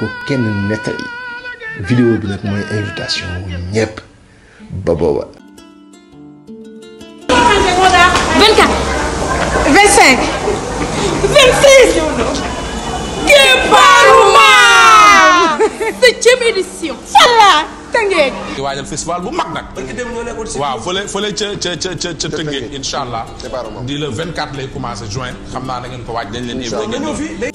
ko kenn nettali vidéo bi nag mooy invitation wu ñëpp ba booba. 24 25 26 septième édition. voilà Tëngéej. di waajal festival bu mag nag. waaw fële fële ca ca ca ca ca Tëngéej incha allah. di le 24 lay commencé juin xam naa da ngeen ko waaj dañ leen. incha allah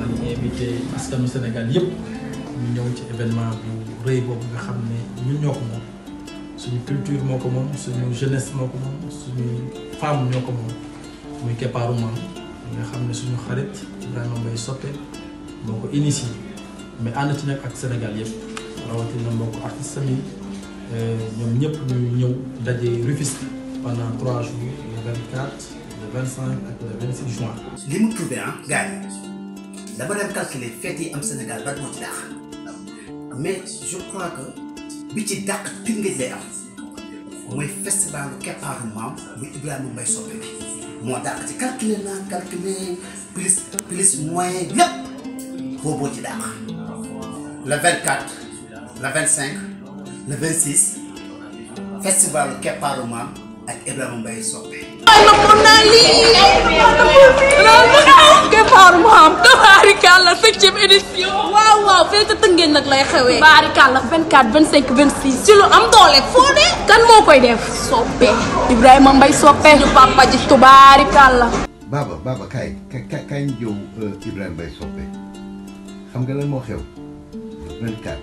maa ngi invité askanu Sénégal yëpp ñu ñëw ci événement bu rëy boobu nga xam ne ñun ñoo ko moom suñu culture moo ko moom suñu jeunesse moo ko moom suñu femme ñoo ko moom muy keppaaru maam nga xam ne suñu xarit Ibrahima Mbaye Sopé moo ko initié mais ànd ci nag ak Sénégal yëpp rawatina mbokk artistes sami euh, ñoom ñëpp ñu ñëw daje Rufisque pendant trois jours le 24 le 25 ak le 26 juin. li mu trouvé ah gars la bonne dem calculer fête yi au Sénégal pas de ci mais je crois que bi ci dàq Tëngéej lay am mooy festivalu keppaaru maam muy Ibrahima Mbaye Sopé Moi moo dàq ci calculer naa calculer plus plus moins, bien, booboo ci le 24 le 25 le 26 festivalu keppaaru maam avec Ibrahim Mbaye Sopé waay nappoon naa lii départ mu am tabaarikàlla septième édition waaw waaw fee ca Tëngéej nag lay xewee tabaarikàlla ci lu am doole foo de kan moo koy def soppe Ibrahima Mbaye soppe ñu papa ji baaba baaba kaay kaay jëw euh, Ibrahima Mbaye soppe xam nga lan moo xew 24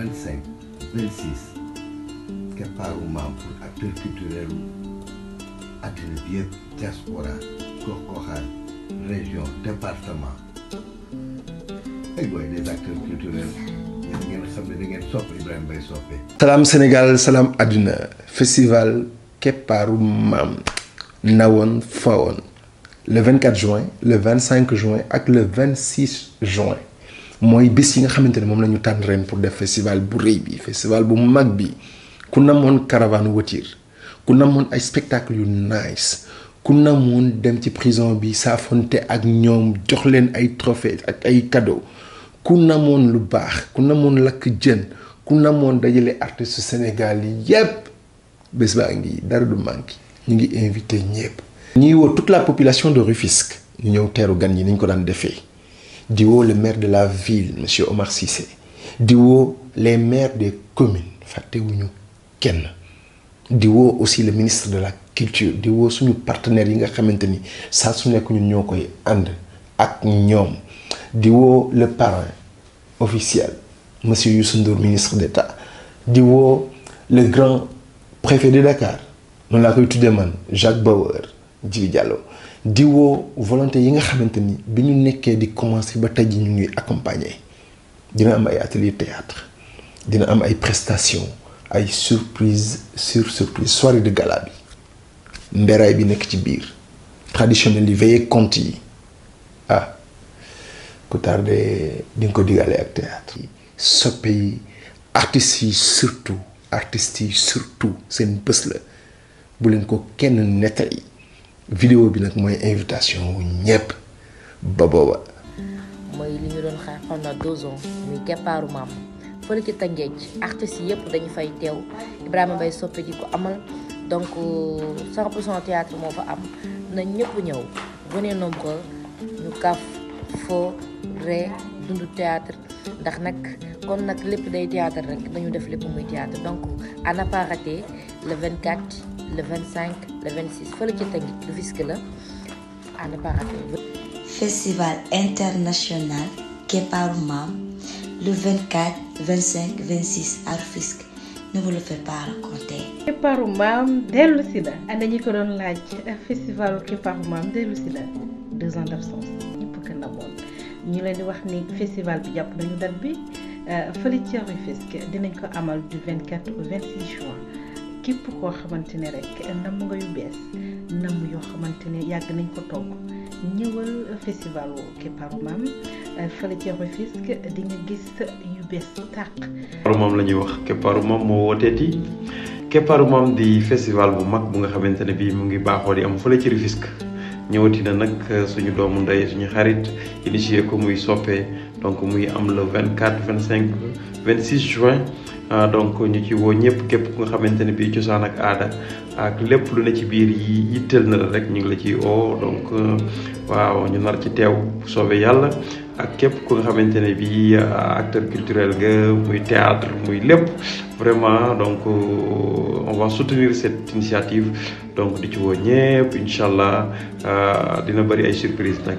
25 26 maam pour acteur attribué diaspora, Kokohan, région, département. Et avez les acteurs culturels. Salam Sénégal salam Aduna, festival keppaaru Nawon Faon, le 24 juin le 25 juin et le 26 juin Moi, je yi nga xamante ne moom la pour def festival bu rëy bi festival bu mag bi ku caravane voiture Kuna mon ay spectacle yu nice ku mon dem ci prison bi fonté ak ñom jox leen ay trophée ak ay cadeau ku mon lu bax ku mon lak jën ku mon dajale artiste sénégalais yépp bés baa ngi dara du ngi invité ñépp ñi wo toute la population de Rufisque ñu ñëw téru gan ñi ñu ko daan défé di wo le maire de la ville monsieur Omar Cissé di wo les maires des communes Faté wuñu kenn di aussi le ministre de la culture di woo suñu partenaires yi nga xamanteni sa su nek ñun ñoo and ak ñom di le parrain officiel monsieur Youssou Ndour ministre d'État di le grand préfet de Dakar noonu la koy tuddee man Jacques Bauer di Diallo di woo volonté yi nga xamanteni biñu nekké di commencer ba tey ji ñu ngi accompagner dina am ay ateliers théâtre dina am ay prestations ay surprise sur surprise soirée de gala bi mberaay bi nek ci biir traditionnel yi veillée conte yi ah ko tardé di ko digalé ak théâtre Ce pays, artiste surtout artiste surtout C'est bés la bu leen ko kenn nettali vidéo bi nak moy invitation wu ñëpp ba booba mooy li ñu doon xaar pendant deux ans muy keppaaru maam fële ci Tëngéej artistes yi yëpp dañu fay teew Ibrahima Mbaye Sopé di ku amal donc 100 pour cent théâtre moo fa am na ñëpp ñëw venez nombreux ñu kaf fo ree dundu théâtre ndax nag kon nag lépp day théâtre rek dañu def lépp muy théâtre donc à ne pas rater le 24 le le 26 fële ci Tëngéej Rufisque la à ne pas rater festival international Keparu Maam le 24, 25, 26 à ne vous le faites pas raconter. keppaaru maam dellu si na ana ñi ko doon laaj deux ans d'absence Nous avons namoon ñu leen wax ni festival bi jàpp nañu date bi euh, fële ci Rufisque ko amal du 24 au 26 juin. képp koo xamante ne rek namm nga yu bees namm yoo xamante ne yàgg nañ ko togg ñëwal festival wu Keparou Maame euh, fële ca Rufisque di la ñuy wax Keparou Maame moo wooteeti Keparou Maame di festival bu mag bu nga xamante ne bii mu ngi baaxoo di am fële ci Rufisque ñëwati na nag euh, suñu doomu ndey suñu xarit initié ko muy soppee donc muy am le 24 25 26 juin. Ah, donc ñu ci woo ñëpp képp ku nga xamante ne bii cosaan ak aada ak lépp lu ne ci biir yi yittal na la rek ñu ngi la ci oo donc ah, waaw ñu nar ci teew soobe yàlla ak képp ku nga xamante ne bii ah, acteur culturel nga muy théâtre muy lépp vraiment donc on va soutenir cette initiative donc di ci woo ñëpp incha dina bëri ay surprise nag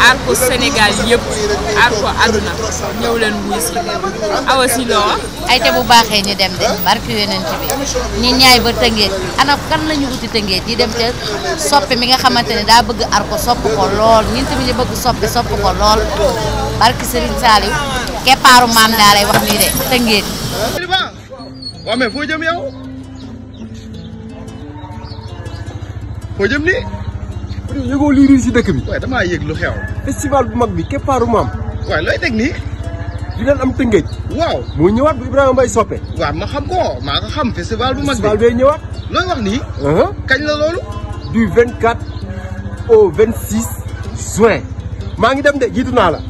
aar ko Sénégal yëpp àdduna ñëw leen si awa ay te bu baaxee ñu dem de barki yonent bi ñi ñaay ba tëngeet ana kan la ñu uti tëngeet di dem te soppi mi nga xamante ne daa bëgg aar ko sopp ko lool ñun tamit ñu bëgg soppi sopp ko lool barki Serigne Saliou keppaaru maam daa lay wax nii de tëngeet. yow yëgoo lii si dëkk bi. waaye damaa yëg lu xew. festival bu mag bi keppaaru maam. waaw looy teg nii. di leen am tëngëj. waaw mu ñëwaat bu Ibrahima Mbaye soppe. waaw ma xam ko maa nga xam festival bu mag bi festival bee ñëwaat. looy wax nii. Uh-huh. kañ la loolu. du 24 au 26 maa ngi dem de jiitu naa la.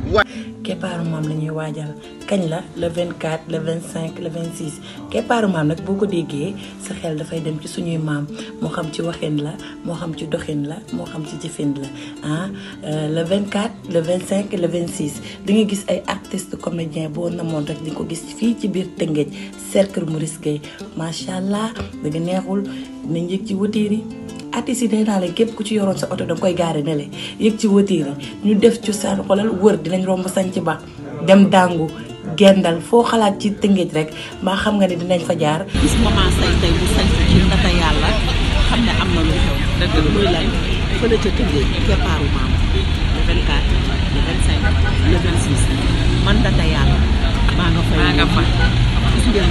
keppaaru maam la ñuy waajal kañ la le 24 le 25 le 26 keppaaru maam nag boo ko déggee sa xel dafay dem ci suñuy maam moo xam ci waxin la moo xam ci doxin la moo xam ci jëfin la ah euh, le 24 le 25 le 26 di nga gis ay artiste comédien boo namoon rek di ko gis fii ci biir Tëngéej cercle Maurice Gueye macha allah neexul dina njëg ci watiir artiste yi day naa leen képp ku ci yoron sa auto dang koy garé ne lé yek ci watiiri ñu def ci sa xolal wër dinañ romb sañ ci ba dem dangu gendal fo xalaat ci tëngéej rek ma xam nga ne dinañ fa jaar gis maman say tay bu sañ ci ndata yalla xam ne am na lu xew dëgg muy lan fële ca tëngéej keppaaru maam le 24 le 25 le 26 man ndata yalla ma nga fay ma nga fa jël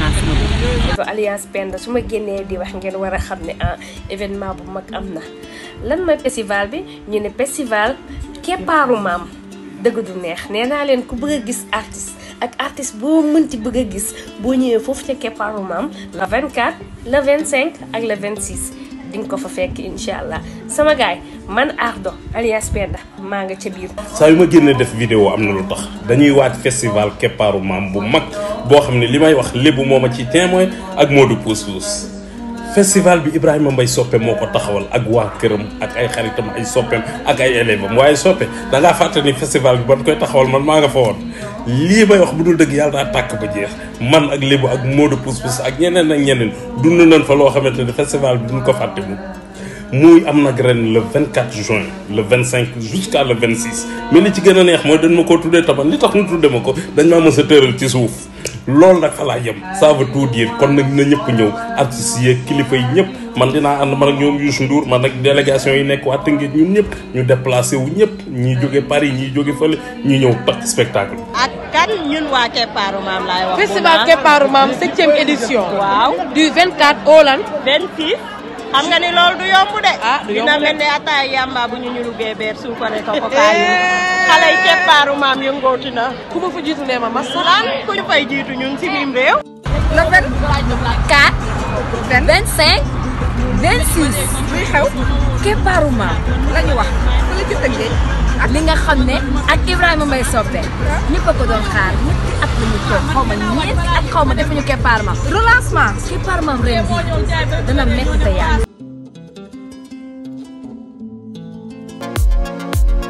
naa su ma génnee di wax ngeen war a xam ne ah événement bu mag am na lan mooy festival bi ñu ne festival keppaaru maam dëgg du neex nee naa leen ku bëgg a gis artiste ak artiste boo mënti bëgg a gis boo ñëwee foofu ca keppaaru maam la la le 25 ak le 26 di nga ko fa fekk incha allah sama gaay man Ardo alias Penda maa nga ca biir. saa yu ma génne def vidéo am na lu tax dañuy waaj festival keppaaru maam bu mag. boo xam ne li may wax lébu moom ma ci témoin ak Modou Pousse Pousse festival bi Ibrahima mbay Soppe moo ko taxawal ak waa këram ak ay xaritam ay soppeem ak ay élèves waaye soppe da ngaa fàtte ni festival bi ban koy taxawal man maa nga fa woon lii may wax bu dul dëgg yàlla tàkk ba jeex man ak lébu ak Modou Pousse Pousse ak ñeneen ak ñeneen dund nañ fa loo xamante ne festival bi duñ ko fàtte mu muy am nag ren le 24 juin le 25 jusqu'à le 26 mais li ci gën a neex mooy dañ ma koo tuddee taban li tax ñu tuddee ma ko dañ maa mës tëral ci suuf loolu nag fa laa yem ça veut tout dire kon nag na ñëpp ñëw artistes yeeg kilifa yi ñëpp man dinaa ànd man ak ñoom Youssou Ndour man ak délégation yi nekk waa Tëngéej ñun ñëpp ñu déplacé wu ñëpp ñi jóge Paris ñi jóge fële ñi ñëw takk spectacle ak kan ñun waa Keppaaru Maam laay wax festival Maam septième xam nga ni loolu du yomb de. Ah, du yomb de ataay yàmba bu ñu ñu luggee beer suukaree ko ko kaay. Eh. xale yi keppaaru maam yëngooti ku ma fa jiitu nee ma mas. lan ku ñu fay jiitu ñun si biim réew. le vingt quatre. vingt cinq. vingt six. muy xew. keppaaru maam la ñu li nga xam ne ak Ibrahima Mbaye Sopé ñëpp a ko doon xaar ñetti at la ñu toog xaw ma ñeenti at xaw ma defuñu keppaar ma relancement keppaar ma ren bi dana métti te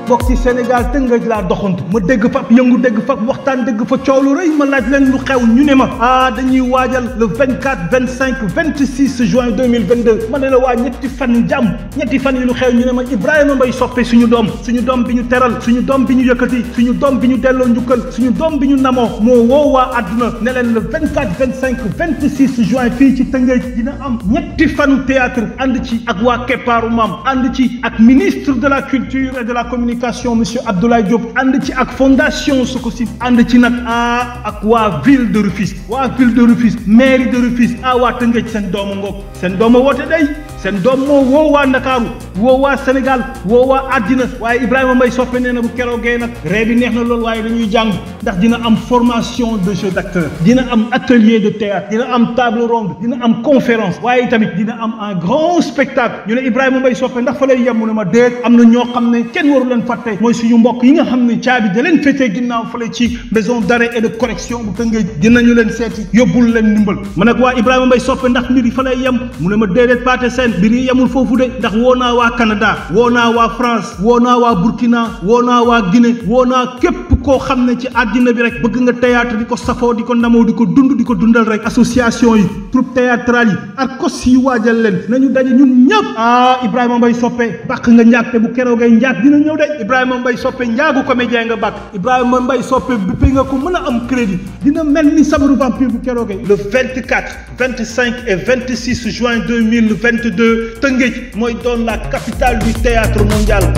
bok ci Sénégal tëngëj la doxantu ma dégg fa yëngu dégg fa waxtaan dégg fa coow lu rëy ma laaj leen lu xew ñu ne ma ah dañuy waajal le 24 25 26 juin 2022 ma ne la waa ñetti fan jàmm ñetti fan yi lu xew ñu ne ma Ibrahima Mbaye Sopé suñu doom suñu doom bi ñu teral suñu doom bi ñu yëkkati suñu doom bi ñu delloo njukkal suñu doom bi ñu namoo moo woo waa àdduna ne leen le 24 25 26 juin fii ci tëngëj dina am ñetti fanu théâtre ànd ci ak waa keppaaru maam ànd ci ak ministre de la culture et de la communication communication monsieur Abdoulaye Diop ànd ci ak fondation Sococim ànd ci nag a ak waa ville de Rufisque waa ville de Rufisque mairie de Rufisque a waa Tëngéej seen doomu ngoog seen doomu woote day seen doom moo woo waa Ndakaaru woo waa Sénégal woo waa àddina waaye Ibrahima Mbaye soppe nee na bu keroogee nag ree bi neex na loolu dañuy jàng ndax dina am formation de jeu d'acteur dina am atelier de théâtre dina am table ronde dina am conférence waaye tamit dina am un grand spectacle ñu ne Ibrahima Mbaye soppe ndax fa lay yem mu am na ñoo xam ne kenn waru fàtte mooy suñu mbokk yi nga xam ne caabi da leen féetee ginnaaw fële ci maison d'arrêt et de correction bu tëngee dinañu leen seeti yóbbul leen ndimbal ma nag waa Ibrahima Mbaye soppe ndax mbir yi fa lay yem mu ne ma déedéet Pathé Sène mbir yi yemul foofu de ndax woo naa waa Canada woo naa waa France woo naa waa Burkina woo naa waa Guinée woo képp koo xam ne ci àddina bi rek bëgg nga théâtre di ko safoo di ko ndamoo di ko dund di ko dundal rek association yi troupe théâtrale yi arcos yi waajal leen nañu daje ñun ñëpp ah Ibrahima Mbaye soppe bàq nga njaag Ibrahima Mbaye Sopé njaagu comédien nga bàkk Ibrahima Mbaye Sopé bi nga ko mën a am crédit dina mel ni vampire bu le 24 25 et 26 juin 2022 Tëngéej mooy la capitale du théâtre mondial